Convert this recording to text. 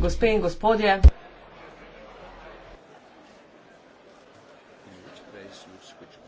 Gospe in gospodje, Thank you.